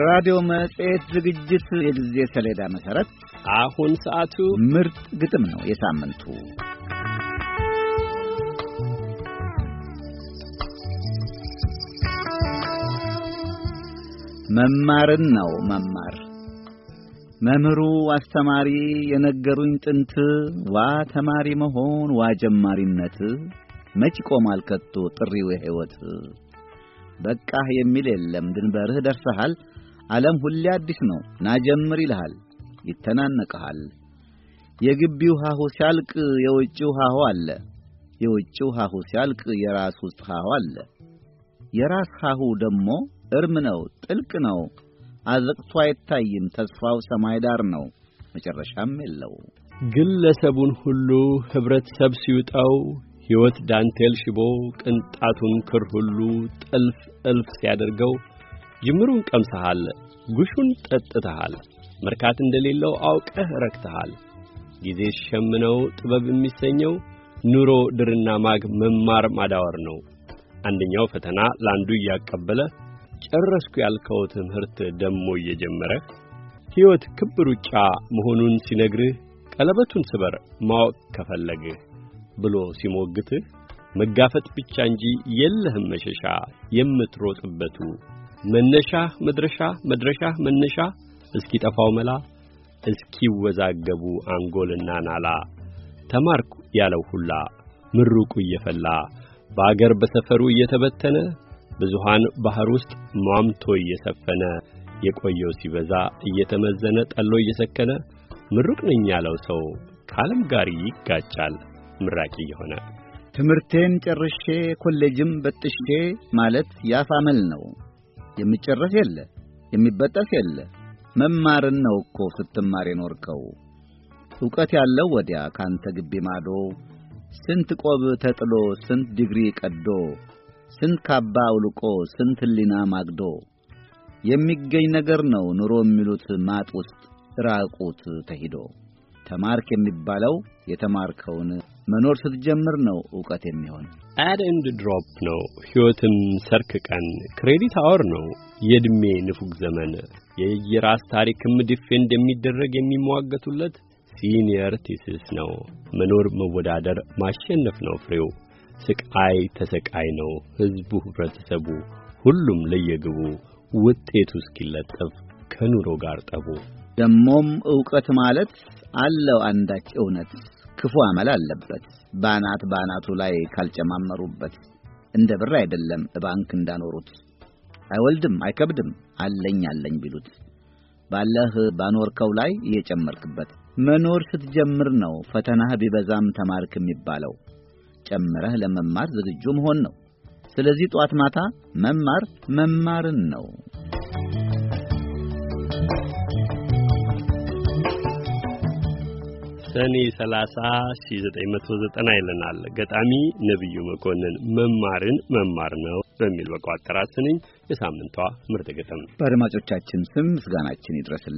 ራዲዮ መጽሔት ዝግጅት የጊዜ ሰሌዳ መሠረት አሁን ሰዓቱ ምርጥ ግጥም ነው። የሳምንቱ መማርን ነው መማር መምህሩ አስተማሪ የነገሩኝ ጥንት ዋ ተማሪ መሆን ዋ ጀማሪነት መች ቆማል ከቶ ጥሪው ሕይወት በቃህ የሚል የለም። ድንበርህ ደርሰሃል። ዓለም ሁሌ አዲስ ነው። ናጀምር ይልሃል፣ ይተናነቀሃል። የግቢው ሃሁ ሲያልቅ የውጭው ሃሁ አለ። የውጭው ሃሁ ሲያልቅ የራስ ውስጥ ሃሁ አለ። የራስ ሃሁ ደግሞ እርም ነው፣ ጥልቅ ነው። አዘቅቶ አይታይም። ተስፋው ሰማይ ዳር ነው፣ መጨረሻም የለው። ግለሰቡን ሁሉ ኅብረተሰብ ሲውጣው ሕይወት ዳንቴል ሽቦ ቅንጣቱን ክር ሁሉ ጥልፍ እልፍ ሲያደርገው ጅምሩን ቀምሰሃል፣ ጉሹን ጠጥተሃል፣ መርካት እንደሌለው አውቀህ ረክተሃል። ጊዜ ሸምነው ጥበብ የሚሰኘው ኑሮ ድርና ማግ መማር ማዳወር ነው። አንደኛው ፈተና ላንዱ እያቀበለ ጨረስኩ ያልከው ትምህርት ደሞ እየጀመረ ሕይወት ክብ ሩጫ መሆኑን ሲነግርህ ቀለበቱን ስበር ማወቅ ከፈለግህ ብሎ ሲሞግትህ መጋፈጥ ብቻ እንጂ የለህም መሸሻ የምትሮጥበቱ መነሻህ መድረሻ መድረሻህ መነሻ እስኪጠፋው መላ እስኪወዛገቡ አንጎልና ናላ ተማርኩ ያለው ሁላ ምሩቁ እየፈላ በአገር በሰፈሩ እየተበተነ ብዙሃን ባህር ውስጥ ሟምቶ እየሰፈነ የቆየው ሲበዛ እየተመዘነ ጠሎ እየሰከነ ምሩቅ ነኝ ያለው ሰው ከዓለም ጋር ይጋጫል። ምራቂ ይሆናል። ትምህርቴን ጨርሼ ኮሌጅም በጥሼ ማለት ያፋመል ነው። የሚጨረስ የለ የሚበጠስ የለ። መማርን ነው እኮ ስትማር የኖርከው። ዕውቀት ያለው ወዲያ ካንተ ግቢ ማዶ ስንት ቆብ ተጥሎ ስንት ዲግሪ ቀዶ ስንት ካባ አውልቆ ስንት ሕሊና ማግዶ የሚገኝ ነገር ነው ኑሮ የሚሉት ማጥ ውስጥ ራቁት ተሂዶ ተማርክ የሚባለው የተማርከውን መኖር ስትጀምር ነው ዕውቀት የሚሆን። አድ ኤንድ ድሮፕ ነው ሕይወትም ሰርክ ቀን ክሬዲት አወር ነው የዕድሜ ንፉግ ዘመን የየራስ ታሪክም ዲፌንድ የሚደረግ የሚሟገቱለት ሲኒየር ቲስስ ነው። መኖር መወዳደር ማሸነፍ ነው ፍሬው። ስቃይ ተሰቃይ ነው ሕዝቡ፣ ህብረተሰቡ፣ ሁሉም ለየግቡ ውጤቱ እስኪለጠፍ ከኑሮ ጋር ጠቡ። ደሞም ዕውቀት ማለት አለው አንዳች እውነት ክፉ አመል አለበት። ባናት ባናቱ ላይ ካልጨማመሩበት እንደ ብር አይደለም ባንክ እንዳኖሩት። አይወልድም አይከብድም አለኝ አለኝ ቢሉት ባለህ ባኖርከው ላይ እየጨመርክበት መኖር ስትጀምር ነው ፈተናህ ቢበዛም ተማርክ የሚባለው። ጨምረህ ለመማር ዝግጁ መሆን ነው። ስለዚህ ጧት ማታ መማር መማርን ነው ሰኔ 30 1990 ይለናል ገጣሚ ነብዩ መኮንን። መማርን መማር ነው በሚል በቋጠራ ስንኝ የሳምንቷ ምርጥ ግጥም በአድማጮቻችን ስም ምስጋናችን ይድረስልን።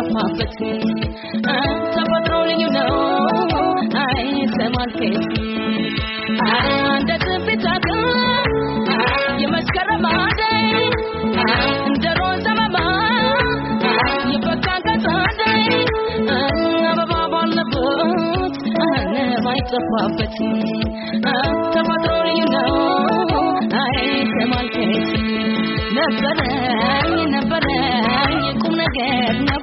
አይጠፋበትም። ተፈጥሮ ልዩ ነው አይሰማልከት እንደ ትንቢት አቅም የመስከረም አደይ እንደ ሮዝ አበባ የበጋ ገጽ አደይ አበባ ባለበት ንብ አይጠፋበትም። ተፈጥሮ ልዩ ነው አይሰማልከት ነበረ